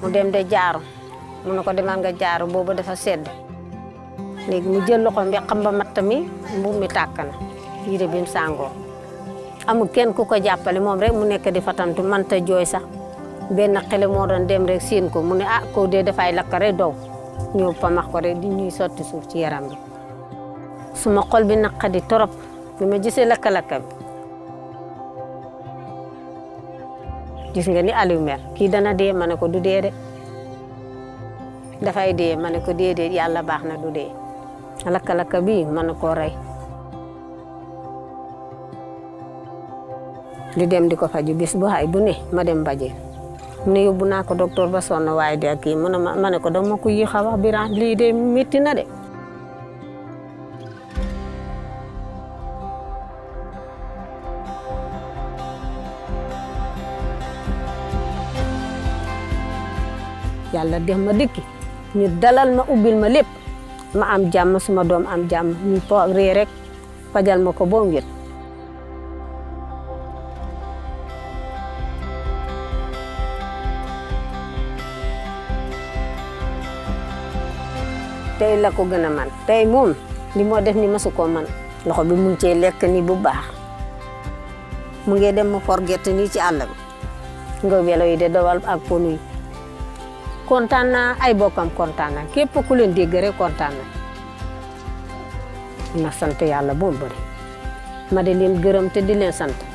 mu dem de jaar mu ne ko demal nga jaar bobu dafa sedd léegi mu jël loxoom bi xam ba matt mi mbubb mi takana yire yére bi mu sàngoo amul kenn ku ko jàppale rek mu nekk di man ta joy sax ben xele mo doon dem rek seen ko mu ne ah lakk rek fa ko rek di ñuy sotti suuf ci yaram bi suma xol bi naqadi torop bima gisee gis nga ni Aliou mer kii dana dee ma ne ko du dee de dafay dee ma ne ko dee dee yàlla baax na du dee lakka-lakka bii mën na koo rey di dem di ko faju bis bu xay bu ne ma dem bajeel mu ne yóbbu naa ko docteur ba sonn waaye de ak kii mu ne ma ne ko dama ko yéex a wax Birane lii de métti na de yalla def ma ñu dalal ma ubil ma lepp ma am jamm suma doom am jamm ñu ree rek fajal ma ko boom wét tey la ko gëna man tey moom li mo def ni masu ko man loxo bi mu cee lekk ni bu baax mu ngi dem ma for gerte ci àll bi nga welo yi de dawal ak ponu kontaan naa ay bokkam kontaan na képp ku leen dégg rek kontaan na na sant yàlla bu mu bëri ma di leen gërëm te di sant